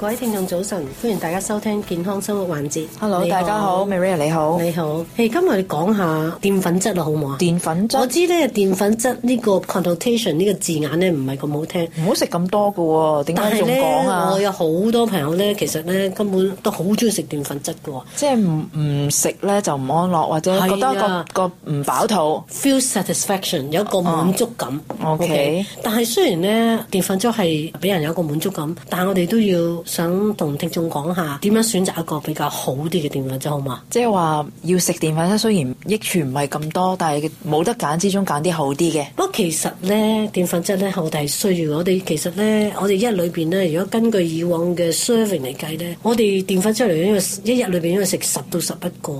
各位聽眾早晨，歡迎大家收聽健康生活環節。Hello，大家好，Maria 你好，你好。Hey, 今日我哋講下澱粉質啦，好唔好啊？澱粉質，我知咧澱粉質呢個 connotation 呢個字眼咧，唔係咁好聽。唔好食咁多噶、啊，點解仲講啊？我有好多朋友咧，其實咧根本都好中意食澱粉質噶，即係唔唔食咧就唔安樂，或者覺得一個、啊、個唔飽肚，feel satisfaction 有一個滿足感。O、oh, K，、okay. okay, 但係雖然咧澱粉質係俾人有一個滿足感，但係我哋都要。想同聽眾講下點樣選擇一個比較好啲嘅澱粉質好嘛？即係話要食澱粉質，雖然益處唔係咁多，但係冇得揀之中揀啲好啲嘅。不過其實咧，澱粉質咧，我哋需要的。我哋其實咧，我哋一日裏邊咧，如果根據以往嘅 serving 嚟計咧，我哋澱粉質嚟因咧，一日裏邊應該食十到十一個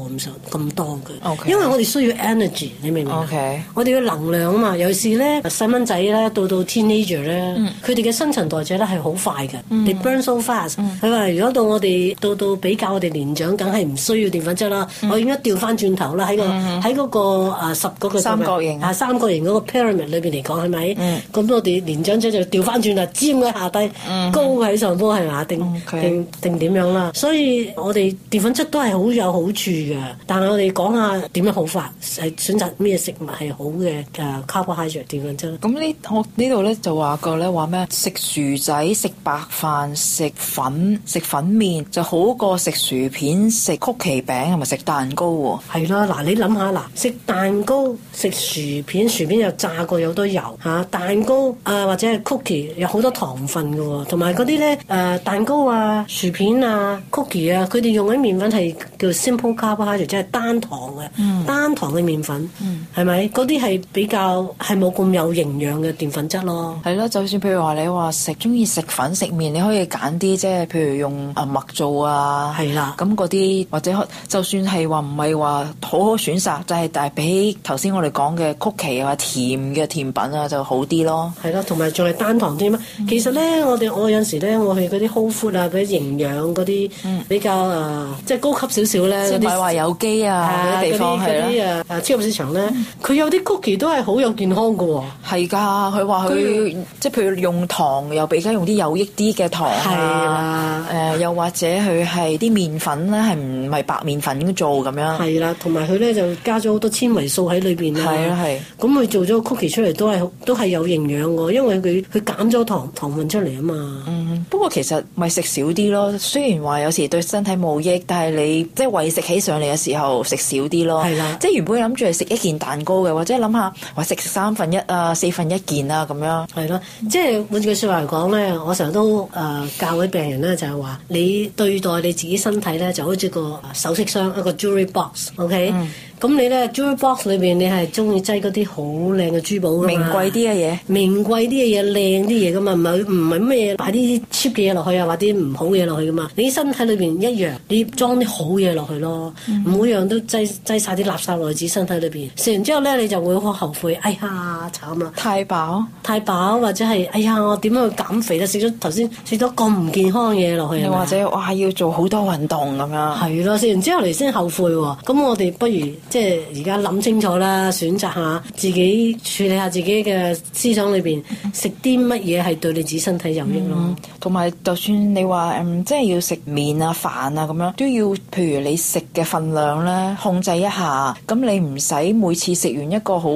咁多的。Okay. 因為我哋需要 energy，你明唔明？Okay. 我哋要能量啊嘛，尤其是咧細蚊仔咧，到到 teenager 咧，佢哋嘅新陳代謝咧係好快嘅、嗯，你 burn so fast, 佢話、嗯，如果到我哋到到比較我哋年長，梗係唔需要澱粉質啦、嗯。我而家調翻轉頭啦，喺個喺嗰、嗯那個、嗯啊、十嗰三角形啊，三角形嗰個 pyramid 裏邊嚟講係咪？咁、嗯、我哋年長者就調翻轉啦，尖喺下低、嗯，高喺上坡係嘛？定、okay. 定定點樣啦？所以我哋澱粉質都係好有好處嘅。但係我哋講下點樣好法，係選擇咩食物係好嘅誒、uh, carbohydrate 澱粉質。咁呢？我呢度咧就話過咧話咩？食薯仔、食白飯、食。粉食粉麵就好過食薯片、食曲奇餅同埋食蛋糕。係咯，嗱你諗下嗱，食蛋糕、食薯片，薯片又炸過，有多油吓，蛋糕啊，或者係 cookie 有好多糖分噶，同埋啲咧，誒蛋糕啊、薯片啊、cookie 啊，佢哋用啲麵粉係叫 simple carbohydrates 即係單糖嘅、嗯，單糖嘅麵粉，嗯，係咪？啲係比較係冇咁有營養嘅澱粉質咯。係咯，就算譬如話你話食中意食粉食麵，你可以揀啲。即係譬如用啊麥做啊，係啦、啊，咁嗰啲或者就算係話唔係話好好選擇，就係但係比頭先我哋講嘅曲奇甜的甜啊、甜嘅甜品啊就好啲咯。係啦，同埋仲係單糖添啊。其實咧，我哋我有陣時咧，我去嗰啲 Whole Food 啊、嗰啲營養嗰啲比較、嗯呃就是、點點啊，即係高級少少咧，即係話有機啊嗰啲地方係啦。是啊，啊，是啊超級市場咧，佢、嗯、有啲曲奇都係好有健康噶、啊。係噶、啊，佢話佢即係譬如用糖，又比較用啲有益啲嘅糖是啊。啊，誒、呃、又或者佢係啲麵粉咧，係唔係白麵粉做咁樣？係啦，同埋佢咧就加咗好多纖維素喺裏邊啦。係啦，係。咁、嗯、佢、嗯、做咗個曲奇出嚟，都係都係有營養嘅，因為佢佢減咗糖糖分出嚟啊嘛、嗯。不過其實咪食少啲咯，雖然話有時對身體冇益，但係你即係餵食起上嚟嘅時候食少啲咯。係啦。即係原本諗住係食一件蛋糕嘅，或者諗下話食三分一啊、四分一件啊咁樣。係咯，即係換句説話嚟講咧，我成日都誒、呃、教病人咧就係、是、話：你對待你自己身體咧，就好似個首飾箱一個 jewelry box，OK？咁你咧 jewelry box 裏邊，你係中意擠嗰啲好靚嘅珠寶名貴啲嘅嘢，名貴啲嘅嘢，靚啲嘢㗎嘛？唔係唔係咩嘢，擺啲 cheap 嘅嘢落去啊，或者唔好嘢落去㗎嘛？你身體裏邊一樣，你裝啲好嘢落去咯，嗯、每樣都擠擠晒啲垃圾落自己身體裏邊。食完之後咧，你就會好後悔。哎呀，慘啦、啊！太飽，太飽，或者係哎呀，我點樣去減肥咧？食咗頭先，食咗咁唔健健康嘢落去，或者哇，要做好多運動咁樣。係咯，食完之後嚟先後悔。咁我哋不如即係而家諗清楚啦，選擇下自己處理下自己嘅思想裏邊，食啲乜嘢係對你自己身體有益咯。同埋、嗯，就算你話、嗯、即係要食麵啊、飯啊咁樣，都要譬如你食嘅份量呢控制一下。咁你唔使每次食完一個好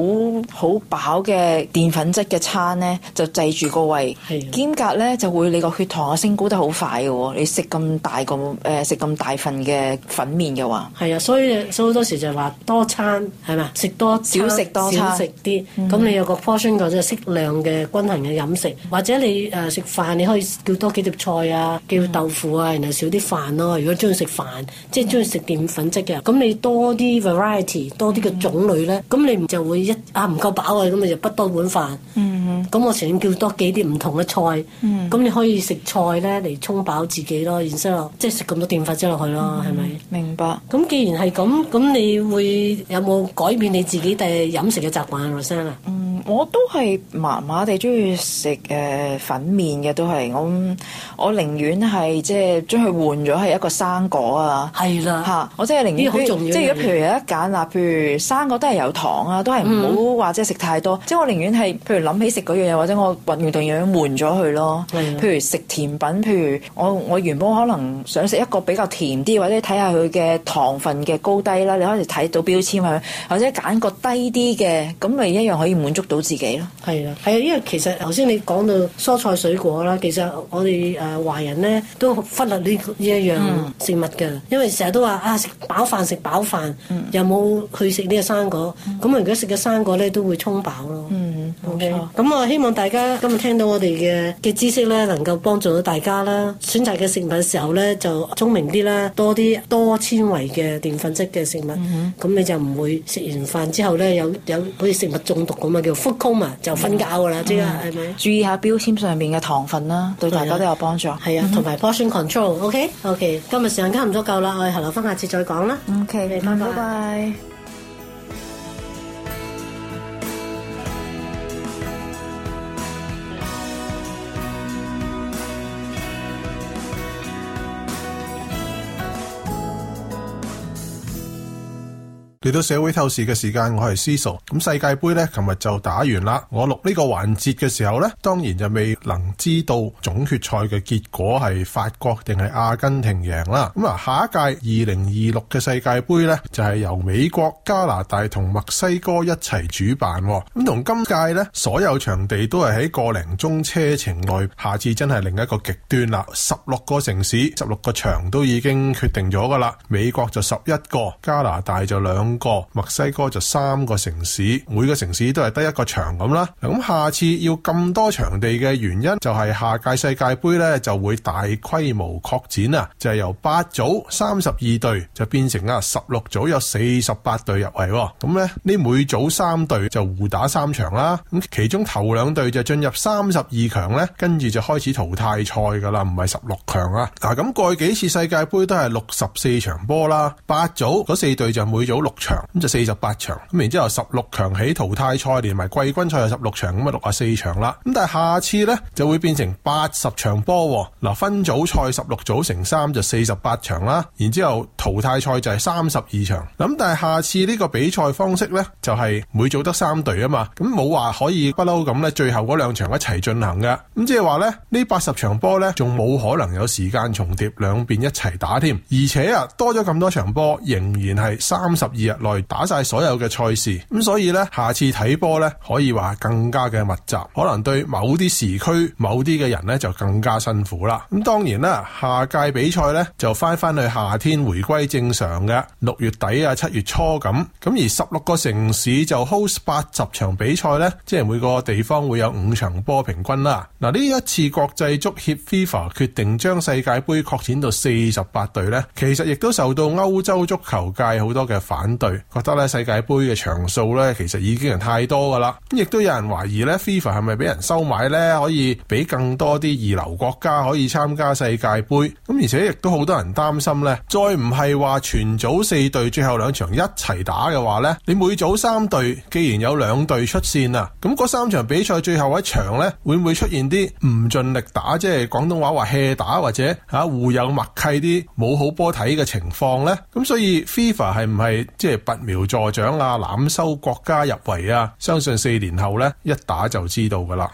好飽嘅澱粉質嘅餐呢，就滯住個胃，兼夾呢就會你個血糖啊升高。真係好快嘅喎！你食咁大個誒，食、呃、咁大份嘅粉麵嘅話，係啊，所以所以好多時就係話多餐係嘛，是吃多餐食多少食多少食啲。咁、嗯、你有個 portion 即係適量嘅均衡嘅飲食、嗯，或者你誒食、呃、飯你可以叫多幾碟菜啊，嗯、叫豆腐啊，然後少啲飯咯、啊。如果中意食飯，嗯、即係中意食澱粉質嘅，咁你多啲 variety，多啲嘅種類咧，咁、嗯、你唔就會一啊唔夠飽啊，咁咪就不多碗飯。嗯咁、嗯、我成日叫多幾啲唔同嘅菜，咁、嗯、你可以食菜咧嚟沖飽自己咯，然之後即係食咁多澱粉質落去咯，係、嗯、咪？明白。咁既然係咁，咁你會有冇改變你自己第日飲食嘅習慣啊，醫生啊？我都係麻麻地中意食誒、粉麵嘅，都係我我寧願係即係將佢換咗，係一個生果啊。係啦，吓我真係寧願好重要，即係如果譬如有一揀啦，譬如，譬如，譬如，譬如生果都係有糖啊，都係唔好或者食太多。嗯、即係我寧願係譬如諗起食嗰樣嘢，或者我運完同樣換咗佢咯。譬如食甜品，譬如我我原本可能想食一個比較甜啲，或者睇下佢嘅糖分嘅高低啦，你可以睇到標籤呀，或者揀個低啲嘅，咁咪一樣可以滿足。到自己咯，係啦，係啊，因為其實頭先你講到蔬菜水果啦，其實我哋誒、呃、華人咧都忽略呢呢一樣食物嘅、嗯，因為成日都話啊食飽飯食飽飯，又冇去食呢個生果，咁如果食嘅生果咧都會沖飽咯。嗯、冇、嗯嗯、錯。咁、okay, 我希望大家今日聽到我哋嘅嘅知識咧，能夠幫助到大家啦。選擇嘅食物時候咧，就聰明啲啦，多啲多纖維嘅澱粉質嘅食物，咁、嗯、你就唔會食完飯之後咧有有好似食物中毒咁樣叫。Coma，就瞓覺㗎啦、嗯，知啦係咪？注意下標籤上面嘅糖分啦，對大家都有幫助。係啊，同、嗯、埋 portion control，OK，OK、okay? okay。今日時間差唔多夠啦，我哋留翻下，樓下次再講啦。OK，嚟拜拜。Bye bye。嚟到社會透視嘅時間，我係思熟。咁世界杯咧，琴日就打完啦。我錄呢個環節嘅時候咧，當然就未能知道總決賽嘅結果係法國定係阿根廷贏啦。咁啊，下一屆二零二六嘅世界杯咧，就係由美國、加拿大同墨西哥一齊主辦。咁同今屆咧，所有場地都係喺個零鐘車程內。下次真係另一個極端啦，十六個城市、十六個場都已經決定咗噶啦。美國就十一個，加拿大就兩個。個墨西哥就三個城市，每個城市都係得一個場咁啦。咁下次要咁多場地嘅原因，就係下屆世界杯咧就會大規模擴展啊，就係由八組三十二隊就變成啊十六組有四十八隊入圍。咁咧，呢每組三隊就互打三場啦。咁其中頭兩隊就進入三十二強咧，跟住就開始淘汰賽噶啦，唔係十六強啊。嗱，咁過去幾次世界杯都係六十四場波啦，八組嗰四隊就每組六。場咁就四十八場，咁然之後十六強起淘汰賽，連埋季軍賽就十六場，咁咪六十四場啦。咁但係下次呢就會變成八十場波，嗱分組賽十六組乘三就四十八場啦，然之後淘汰賽就係三十二場。咁但係下次呢個比賽方式呢，就係、是、每組得三隊啊嘛，咁冇話可以不嬲咁呢最後嗰兩場一齊進行㗎。咁即係話呢，呢八十場波呢，仲冇可能有時間重疊兩邊一齊打添，而且啊多咗咁多場波，仍然係三十二。嚟打晒所有嘅賽事，咁所以咧，下次睇波咧，可以話更加嘅密集，可能對某啲時區、某啲嘅人咧就更加辛苦啦。咁當然啦，下屆比賽咧就翻翻去夏天回歸正常嘅六月底啊、七月初咁。咁而十六個城市就 host 八十場比賽咧，即係每個地方會有五場波平均啦。嗱，呢一次國際足協 FIFA 決定將世界盃擴展到四十八隊咧，其實亦都受到歐洲足球界好多嘅反對。對，覺得咧世界杯嘅場數咧，其實已經係太多噶啦。咁亦都有人懷疑咧，FIFA 係咪俾人收買咧，可以俾更多啲二流國家可以參加世界杯。咁而且亦都好多人擔心咧，再唔係話全組四隊最後兩場一齊打嘅話咧，你每組三隊既然有兩隊出線啊，咁嗰三場比賽最後一場咧，會唔會出現啲唔盡力打，即係廣東話話 hea 打或者吓互有默契啲冇好波睇嘅情況咧？咁所以 FIFA 係唔係即係？拔苗助長啊，濫收國家入圍啊，相信四年後咧，一打就知道噶啦。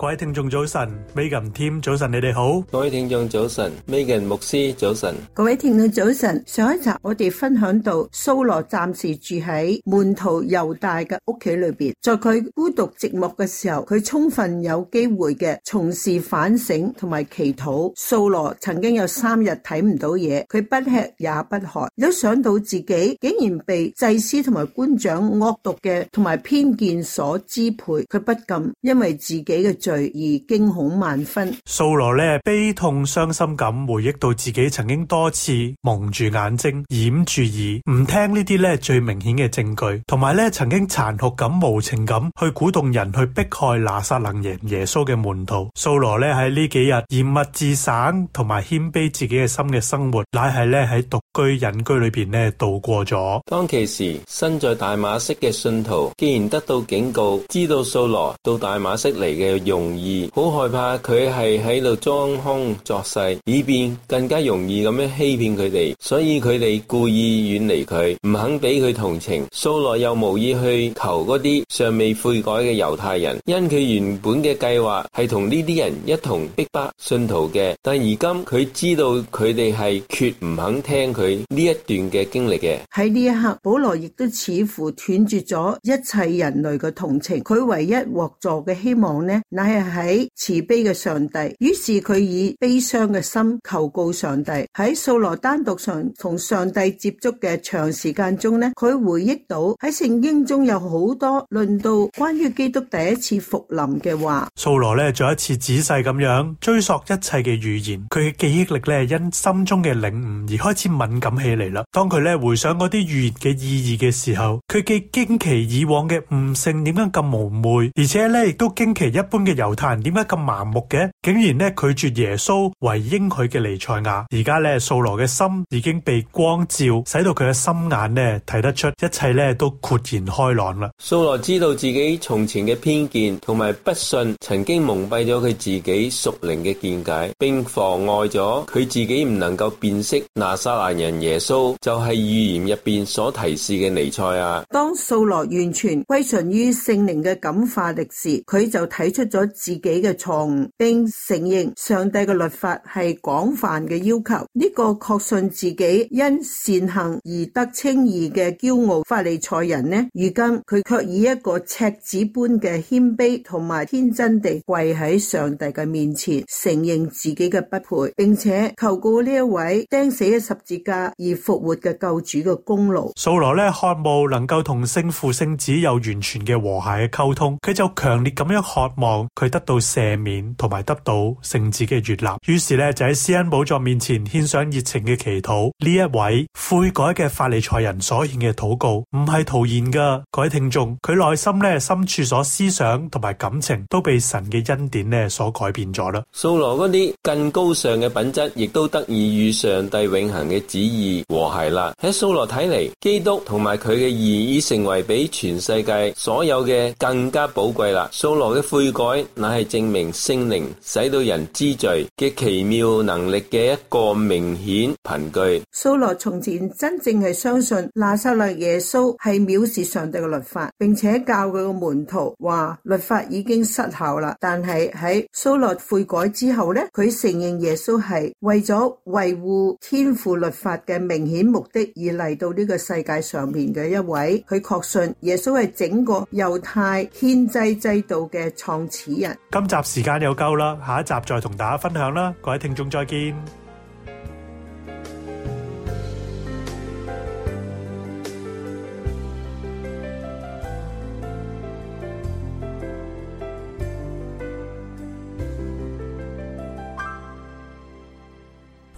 各位聽眾早晨，Megan Team 早晨，你哋好。各位聽眾早晨，Megan 牧師早晨。各位聽眾早晨，上一集我哋分享到，掃羅暫時住喺門徒猶大嘅屋企裏邊，在佢孤獨寂寞嘅時候，佢充分有機會嘅從事反省同埋祈禱。掃羅曾經有三日睇唔到嘢，佢不吃也不喝，一想到自己竟然被祭司同埋官長惡毒嘅同埋偏見所支配，佢不禁因為自己嘅罪，而驚恐萬分，掃羅呢悲痛傷心咁回憶到自己曾經多次蒙住眼睛掩住耳，唔聽呢啲呢最明顯嘅證據，同埋呢曾經殘酷咁無情咁去鼓動人去迫害拿撒勒人耶穌嘅門徒。掃羅呢喺呢幾日嚴密自省同埋謙卑自己嘅心嘅生活，乃係呢喺獨居隱居裏邊呢度過咗。當其時，身在大馬色嘅信徒既然得到警告，知道掃羅到大馬色嚟嘅用，容易好害怕佢係喺度裝腔作勢，以便更加容易咁樣欺騙佢哋，所以佢哋故意遠離佢，唔肯俾佢同情。掃羅又無意去求嗰啲尚未悔改嘅猶太人，因佢原本嘅計劃係同呢啲人一同逼迫信徒嘅，但而今佢知道佢哋係決唔肯聽佢呢一段嘅經歷嘅。喺呢一刻，保羅亦都似乎斷絕咗一切人類嘅同情，佢唯一獲助嘅希望呢，那。喺慈悲嘅上帝，於是佢以悲傷嘅心求告上帝。喺掃羅單獨上同上帝接觸嘅長時間中呢，佢回憶到喺聖經中有好多論到關於基督第一次復臨嘅話。掃羅呢，再一次仔細咁樣追溯一切嘅預言，佢嘅記憶力呢，因心中嘅領悟而開始敏感起嚟啦。當佢呢回想嗰啲預言嘅意義嘅時候，佢既驚奇以往嘅悟性點樣咁無昧，而且呢亦都驚奇一般嘅。猶太人點解咁麻木嘅？竟然咧拒絕耶穌為應許嘅尼賽亞。而家咧，掃羅嘅心已經被光照，使到佢嘅心眼咧睇得出一切咧都豁然開朗啦。掃羅知道自己從前嘅偏見同埋不信，曾經蒙蔽咗佢自己屬靈嘅見解，並妨礙咗佢自己唔能夠辨識拿撒勒人耶穌就係、是、預言入邊所提示嘅尼賽亞。當掃羅完全歸順於聖靈嘅感化力時，佢就睇出咗。自己嘅錯誤，並承認上帝嘅律法係廣泛嘅要求。呢、這個確信自己因善行而得稱義嘅驕傲法利賽人呢，如今佢卻以一個赤子般嘅謙卑同埋天真地跪喺上帝嘅面前，承認自己嘅不配，並且求告呢一位釘死喺十字架而復活嘅救主嘅功勞。掃羅呢，渴望能夠同聖父聖子有完全嘅和諧嘅溝通，佢就強烈咁樣渴望。佢得到赦免同埋得到聖子嘅悅納，於是咧就喺施恩寶座面前獻上熱情嘅祈禱。呢一位悔改嘅法利賽人所獻嘅禱告唔係徒然噶，各位聽眾，佢內心咧深處所思想同埋感情都被神嘅恩典咧所改變咗啦。掃羅嗰啲更高尚嘅品質，亦都得以與上帝永恒嘅旨意和諧啦。喺掃羅睇嚟，基督同埋佢嘅意義成為比全世界所有嘅更加寶貴啦。掃羅嘅悔改。那係證明聖靈使到人知罪嘅奇妙能力嘅一個明顯憑據。掃羅從前真正係相信拿撒勒耶穌係藐視上帝嘅律法，並且教佢嘅門徒話律法已經失效啦。但係喺掃羅悔改之後呢，佢承認耶穌係為咗維護天賦律法嘅明顯目的而嚟到呢個世界上面嘅一位。佢確信耶穌係整個猶太獻祭制度嘅創始。今集時間又夠啦，下一集再同大家分享啦，各位聽眾再見。